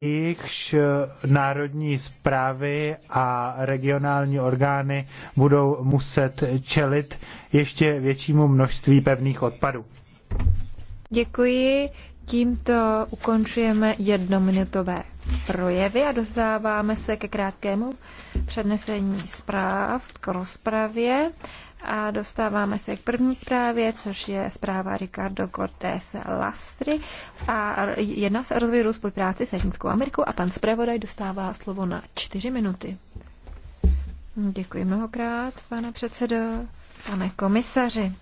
jejichž eh, národní zprávy a regionální orgány budou muset čelit ještě většímu množství pevných odpadů. Děkuji. Tímto ukončujeme jednominutové projevy a dostáváme se ke krátkému přednesení zpráv k rozpravě. A dostáváme se k první zprávě, což je zpráva Ricardo Cortés Lastry. A jedná se o rozvíjovou spolupráci s Latinskou Amerikou a pan zpravodaj dostává slovo na čtyři minuty. Děkuji mnohokrát, pane předsedo, pane komisaři.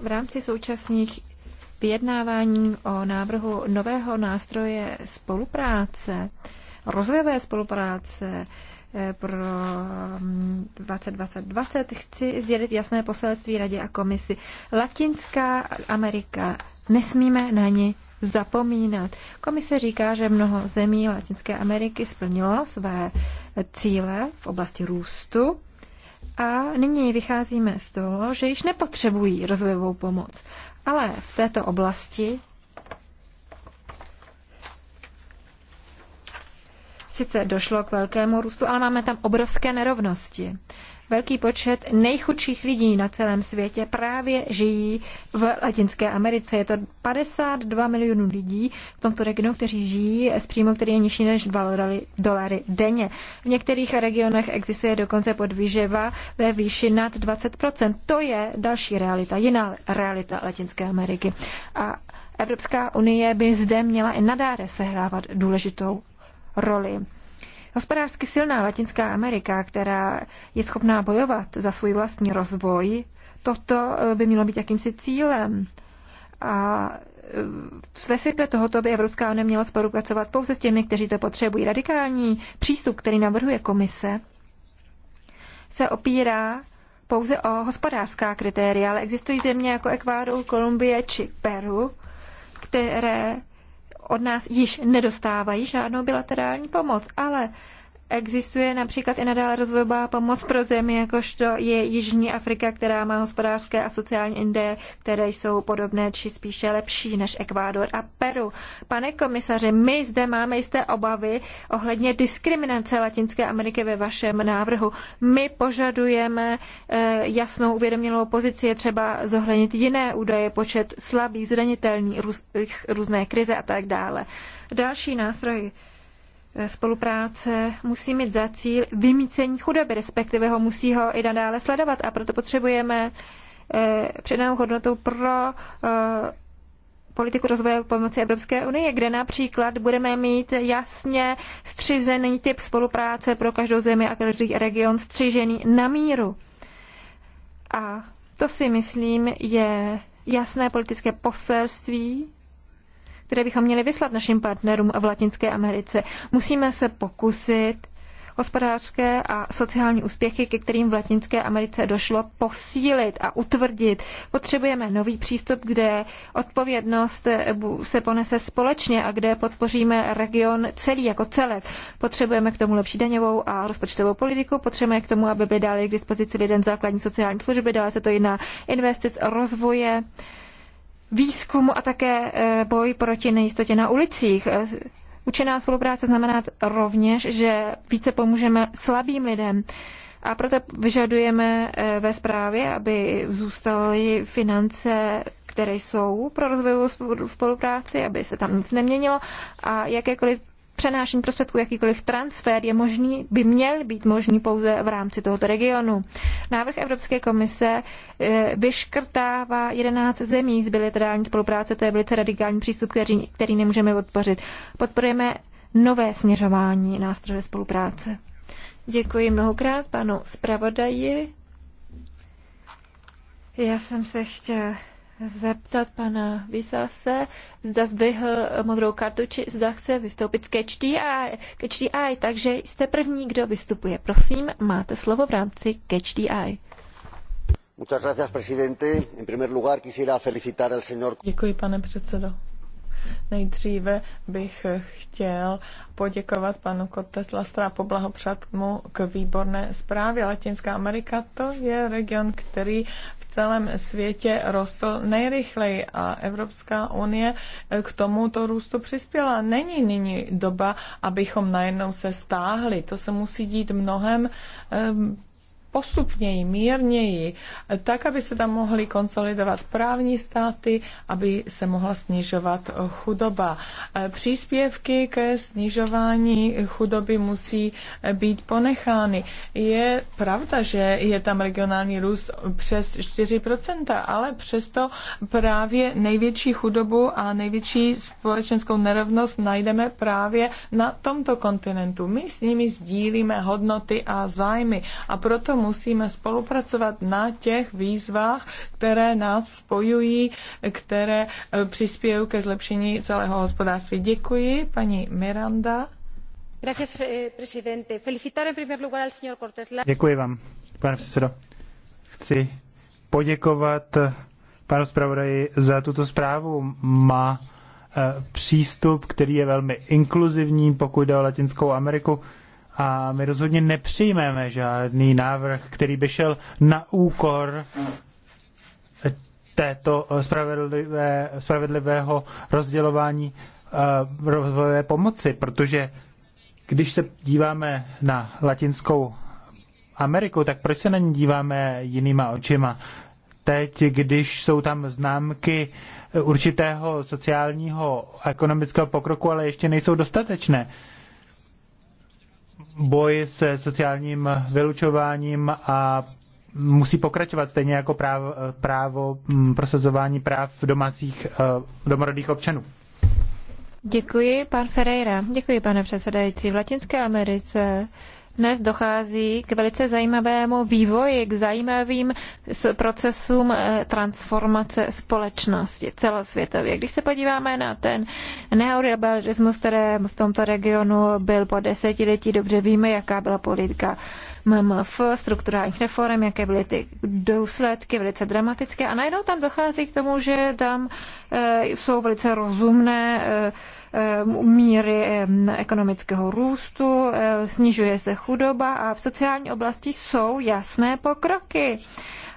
V rámci současných vyjednávání o návrhu nového nástroje spolupráce, rozvojové spolupráce, Eh, pro 2020 mm, chci sdělit jasné poselství Radě a komisi. Latinská Amerika, nesmíme na ní zapomínat. Komise říká, že mnoho zemí Latinské Ameriky splnilo své cíle v oblasti růstu a nyní vycházíme z toho, že již nepotřebují rozvojovou pomoc. Ale v této oblasti sice došlo k velkému růstu, ale máme tam obrovské nerovnosti. Velký počet nejchudších lidí na celém světě právě žijí v Latinské Americe. Je to 52 milionů lidí v tomto regionu, kteří žijí s příjmem, který je nižší než 2 dolary denně. V některých regionech existuje dokonce podvýživa ve výši nad 20%. To je další realita, jiná realita Latinské Ameriky. A Evropská unie by zde měla i nadále sehrávat důležitou roli. Hospodářsky silná Latinská Amerika, která je schopná bojovat za svůj vlastní rozvoj, toto eh, by mělo být jakýmsi cílem. A eh, ve světle tohoto by Evropská unie měla spolupracovat pouze s těmi, kteří to potřebují. Radikální přístup, který navrhuje komise, se opírá pouze o hospodářská kritéria, ale existují země jako Ekvádor, Kolumbie či Peru, které od nás již nedostávají žádnou bilaterální pomoc, ale existuje například i nadále rozvojová pomoc pro zemi, jakožto je Jižní Afrika, která má hospodářské a sociální indie, které jsou podobné či spíše lepší než Ekvádor a Peru. Pane komisaři, my zde máme jisté obavy ohledně diskriminace Latinské Ameriky ve vašem návrhu. My požadujeme eh, jasnou uvědomělou pozici, je třeba zohlednit jiné údaje, počet slabých, zranitelných, různé krize a tak dále. Další nástroj spolupráce musí mít za cíl vymícení chudoby, respektive ho musí ho i nadále sledovat a proto potřebujeme eh, předanou hodnotu pro eh, politiku rozvoje pomoci Evropské unie, kde například budeme mít jasně střižený typ spolupráce pro každou zemi a každý region střižený na míru. A to si myslím je jasné politické poselství, které bychom měli vyslat našim partnerům v Latinské Americe. Musíme se pokusit hospodářské a sociální úspěchy, ke kterým v Latinské Americe došlo, posílit a utvrdit. Potřebujeme nový přístup, kde odpovědnost se ponese společně a kde podpoříme region celý jako celek. Potřebujeme k tomu lepší daňovou a rozpočtovou politiku, potřebujeme k tomu, aby byly dále k dispozici lidem základní sociální služby, dále se to i na investic rozvoje výzkumu a také e, boj proti nejistotě na ulicích. E, učená spolupráce znamená rovněž, že více pomůžeme slabým lidem. A proto vyžadujeme e, ve zprávě, aby zůstaly finance, které jsou pro rozvojovou spolupráci, aby se tam nic neměnilo a jakékoliv přenášení prostředků, jakýkoliv transfer je možný, by měl být možný pouze v rámci tohoto regionu. Návrh Evropské komise eh, vyškrtává 11 zemí z bilaterální spolupráce, to je velice radikální přístup, který, který nemůžeme podpořit. Podporujeme nové směřování nástroje spolupráce. Děkuji mnohokrát panu zpravodaji. Já jsem se chtěla zeptat pana Vysase, zda zbyhl modrou kartu, či zda chce vystoupit ke HDI. Ke HDI. Takže jste první, kdo vystupuje. Prosím, máte slovo v rámci ke HDI. Děkuji, pane předsedo. Nejdříve bych chtěl poděkovat panu Cortez Lastra a poblahopřát mu k výborné zprávě. Latinská Amerika to je region, který v celém světě rostl nejrychleji a Evropská unie k tomuto růstu přispěla. Není nyní doba, abychom najednou se stáhli. To se musí dít mnohem eh, postupněji, mírněji, tak, aby se tam mohly konsolidovat právní státy, aby se mohla snižovat chudoba. Eh, příspěvky ke snižování chudoby musí eh, být ponechány. Je pravda, že je tam regionální růst přes 4%, ale přesto právě největší chudobu a největší společenskou nerovnost najdeme právě na tomto kontinentu. My s nimi sdílíme hodnoty a zájmy a proto musíme spolupracovat na těch výzvách, které nás spojují, které eh, přispějí ke zlepšení celého hospodářství. Děkuji, paní Miranda. Eh, Děkuji vám, pane předsedo. Chci poděkovat eh, panu zpravodaji za tuto zprávu. Má přístup, který je velmi inkluzivní, pokud jde o Latinskou Ameriku. A my rozhodně nepřijmeme žádný návrh, který by šel na úkor této spravedlivé, spravedlivého rozdělování eh, rozvojové pomoci, protože když se díváme na Latinskou Ameriku, tak proč se na ní díváme jinýma očima? Teď, když jsou tam známky určitého sociálního a ekonomického pokroku, ale ještě nejsou dostatečné boj se sociálním vylučováním a musí pokračovat, stejně jako právo, právo mm, prosazování práv domácích eh, domorodých občanů. Děkuji, pan Ferreira. Děkuji, pane předsedající. V Latinské Americe dnes dochází k velice zajímavému vývoji, k zajímavým procesům eh, transformace společnosti celosvětově. Když se podíváme na ten neoliberalismus, který v tomto regionu byl po desetiletí, dobře víme, jaká byla politika MMF, strukturálních reform, jaké byly ty důsledky, velice dramatické. A najednou tam dochází k tomu, že tam eh, jsou velice rozumné eh, eh, míry ekonomického růstu, snižuje se chudoba a v sociální oblasti jsou jasné pokroky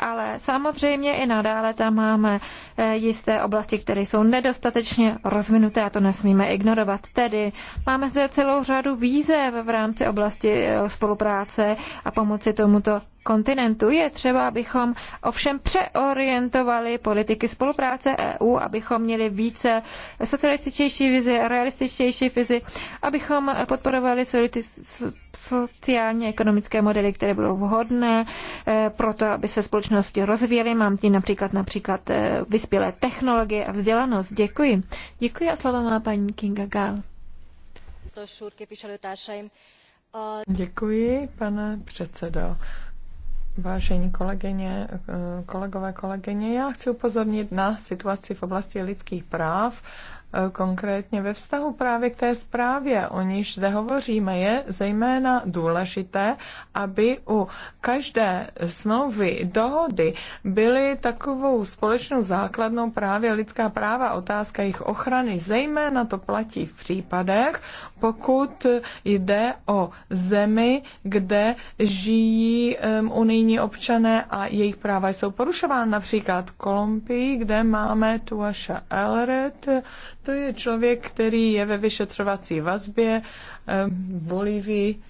ale samozřejmě i nadále tam máme eh, jisté oblasti, které jsou nedostatečně rozvinuté a to nesmíme ignorovat. Tedy máme zde celou řadu výzev v rámci oblasti eh, spolupráce a pomoci tomuto kontinentu. Je třeba, abychom ovšem přeorientovali politiky spolupráce EU, abychom měli více socialističtější vizi, realističtější vizi, abychom podporovali sociálně ekonomické modely, které budou vhodné eh, pro to, aby se společnosti rozvíjely. Mám tím například například eh, vyspělé technologie a vzdělanost. Děkuji. Děkuji a slovo má paní Kinga Gál. Děkuji, pane předsedo. Vážení kolegyně, eh, kolegové, kolegyně, já chci upozornit na situaci v oblasti lidských práv Eh, konkrétně ve vztahu právě k té zprávě, o níž zde hovoříme, je zejména důležité, aby u každé smlouvy, dohody byly takovou společnou základnou právě lidská práva, otázka jejich ochrany. Zejména to platí v případech, pokud jde o zemi, kde žijí um, unijní občané a jejich práva jsou porušována, například v Kolumbii, kde máme Tuasha Elret, to je člověk, který je ve vyšetřovací vazbě v Bolívii.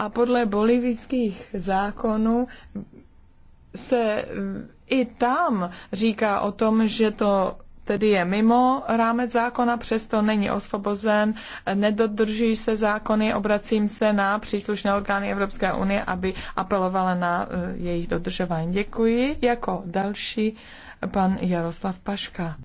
A podle bolivijských zákonů se i tam říká o tom, že to tedy je mimo rámec zákona, přesto není osvobozen, nedodrží se zákony, obracím se na příslušné orgány Evropské unie, aby apelovala na eh, jejich dodržování. Děkuji. Jako další pan Jaroslav Paška.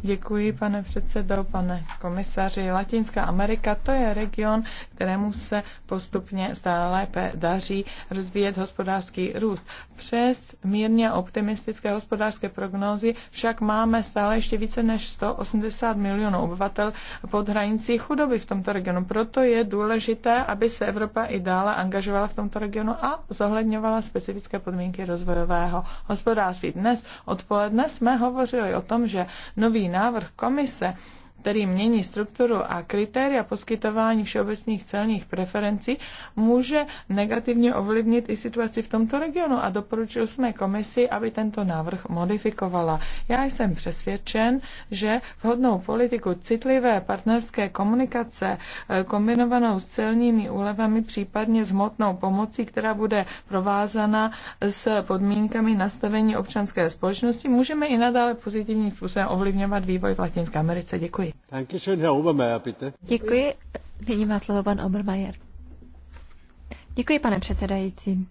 Děkuji, pane předsedo, pane komisaři. Latinská Amerika to je region, kterému se postupně stále lépe daří rozvíjet hospodářský růst. Přes mírně optimistické hospodářské prognózy však máme stále ještě více než 180 milionů obyvatel pod hranicí chudoby v tomto regionu. Proto je důležité, aby se Evropa i dále angažovala v tomto regionu a zohledňovala specifické podmínky rozvojového hospodářství. Dnes odpoledne jsme hovořili o o tom, že nový návrh komise který mění strukturu a kritéria poskytování všeobecných celních preferencí, může negativně ovlivnit i situaci v tomto regionu a doporučil jsme komisi, aby tento návrh modifikovala. Já jsem přesvědčen, že vhodnou politiku citlivé partnerské komunikace eh, kombinovanou s celními úlevami, případně s hmotnou pomocí, která bude provázana s podmínkami nastavení občanské společnosti, můžeme i nadále pozitivním způsobem ovlivňovat vývoj v Latinské Americe. Děkuji. Děkuji. Nyní má slovo pan Obermajer. Děkuji, pane předsedající.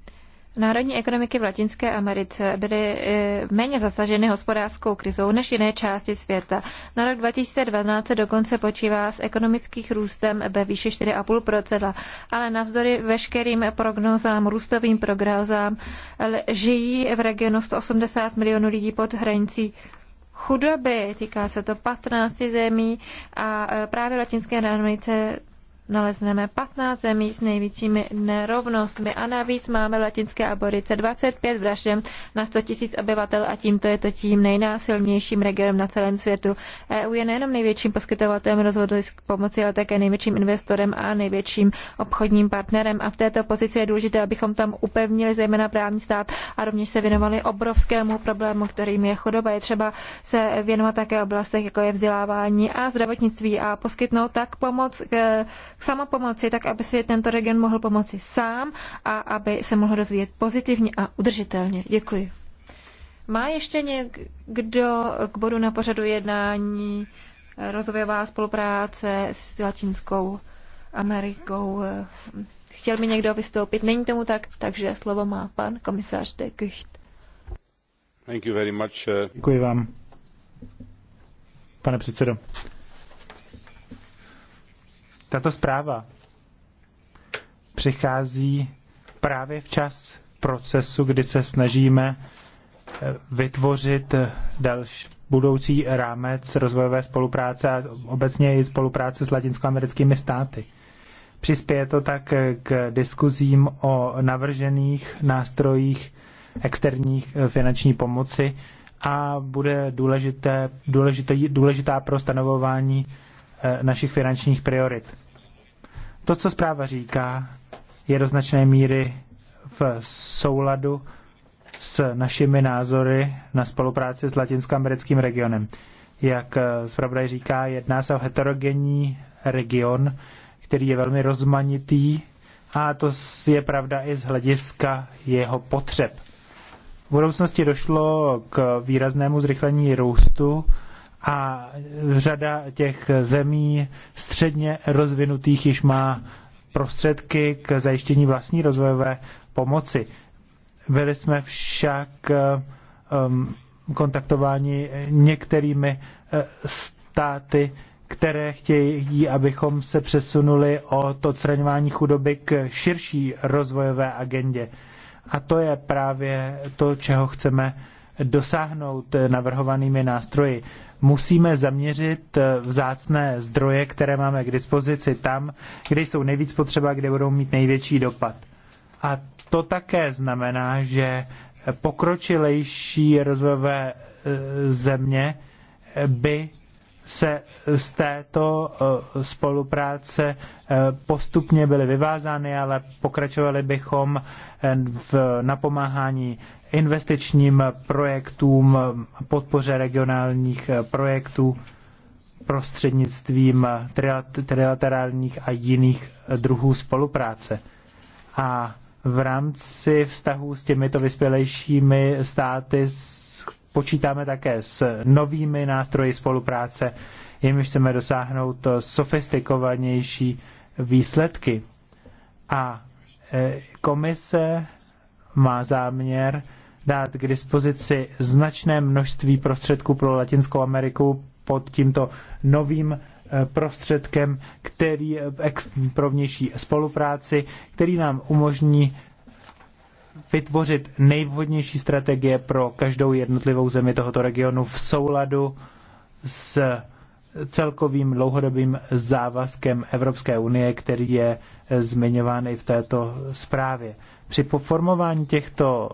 Národní ekonomiky v Latinské Americe byly eh, méně zasaženy hospodářskou krizou než jiné části světa. Na rok 2012 se dokonce počívá s ekonomických růstem ve výši 4,5%, ale navzdory veškerým prognózám, růstovým prognozám, žijí v regionu 180 milionů lidí pod hranicí chudoby. Týká se to 15 zemí a e, právě Latinské Americe nalezneme 15 zemí s největšími nerovnostmi a navíc máme latinské aborice 25 vražem na 100 tisíc obyvatel a tímto je to tím nejnásilnějším regionem na celém světu. EU je nejenom největším poskytovatelem rozvodu pomoci, ale také největším investorem a největším obchodním partnerem a v této pozici je důležité, abychom tam upevnili zejména právní stát a rovněž se věnovali obrovskému problému, kterým je chudoba. Je třeba se věnovat také oblastech, jako je vzdělávání a zdravotnictví a poskytnout tak pomoc, samopomoci, tak aby si tento region mohl pomoci sám a aby se mohl rozvíjet pozitivně a udržitelně. Děkuji. Má ještě někdo k bodu na pořadu jednání rozvojová spolupráce s Latinskou Amerikou? Chtěl mi někdo vystoupit? Není tomu tak, takže slovo má pan komisář de Gucht. Thank you very much. Eh. Děkuji vám, pane předsedo. Tato zpráva přichází právě včas v procesu, kdy se snažíme eh, vytvořit eh, další budoucí rámec rozvojové spolupráce a obecně i spolupráce s latinskoamerickými státy. Přispěje to tak eh, k diskuzím o navržených nástrojích externích finanční pomoci a bude důležité, důležité, důležitá pro stanovování Eh, našich finančních priorit. To, co zpráva říká, je do značné míry v souladu s našimi názory na spolupráci s latinskoamerickým regionem. Jak eh, zpravodaj říká, jedná se o heterogenní region, který je velmi rozmanitý a to je pravda i z hlediska jeho potřeb. V budoucnosti došlo k výraznému zrychlení růstu a řada těch zemí středně rozvinutých již má prostředky k zajištění vlastní rozvojové pomoci. Byli jsme však um, kontaktováni některými eh, státy, které chtějí, abychom se přesunuli od odstraňování chudoby k širší rozvojové agendě. A to je právě to, čeho chceme dosáhnout navrhovanými nástroji. Musíme zaměřit vzácné zdroje, které máme k dispozici tam, kde jsou nejvíc potřeba, kde budou mít největší dopad. A to také znamená, že pokročilejší rozvojové eh, země by se z této eh, spolupráce eh, postupně byly vyvázány, ale pokračovali bychom eh, v napomáhání investičním projektům, podpoře regionálních projektů prostřednictvím trilaterálních a jiných druhů spolupráce. A v rámci vztahů s těmito vyspělejšími státy počítáme také s novými nástroji spolupráce, jimiž chceme dosáhnout sofistikovanější výsledky. A e, komise má záměr dát k dispozici značné množství prostředků pro Latinskou Ameriku pod tímto novým e, prostředkem, který e, pro vnější spolupráci, který nám umožní vytvořit nejvhodnější strategie pro každou jednotlivou zemi tohoto regionu v souladu s celkovým dlouhodobým závazkem Evropské unie, který je zmiňován i v této zprávě. Při formování těchto,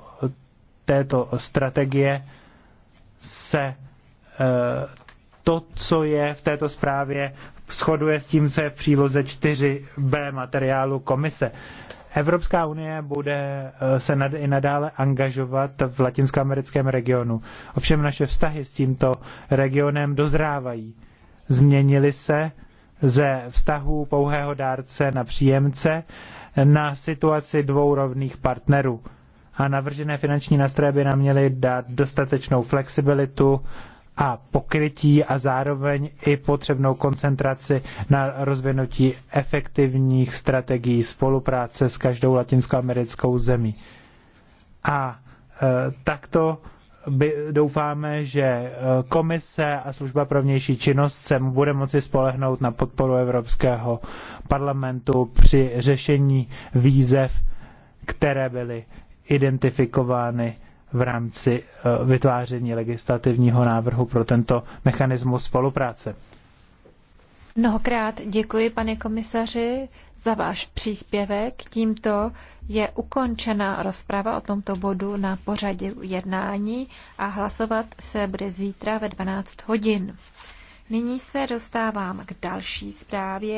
této strategie se eh, to, co je v této zprávě, shoduje s tím, co je v příloze 4b materiálu komise. Evropská unie bude eh, se nad, i nadále angažovat v latinskoamerickém regionu. Ovšem naše vztahy s tímto regionem dozrávají. Změnily se ze vztahu pouhého dárce na příjemce na situaci dvou rovných partnerů. A navržené finanční nástroje by nám měly dát dostatečnou flexibilitu a pokrytí a zároveň i potřebnou koncentraci na rozvinutí efektivních strategií spolupráce s každou latinskoamerickou zemí. A e, takto by, doufáme, že e, komise a služba pro vnější činnost se bude moci spolehnout na podporu Evropského parlamentu při řešení výzev, které byly identifikovány v rámci eh, vytváření legislativního návrhu pro tento mechanismus spolupráce. Mnohokrát děkuji, pane komisaři, za váš příspěvek. Tímto je ukončena rozprava o tomto bodu na pořadě jednání a hlasovat se bude zítra ve 12 hodin. Nyní se dostávám k další zprávě.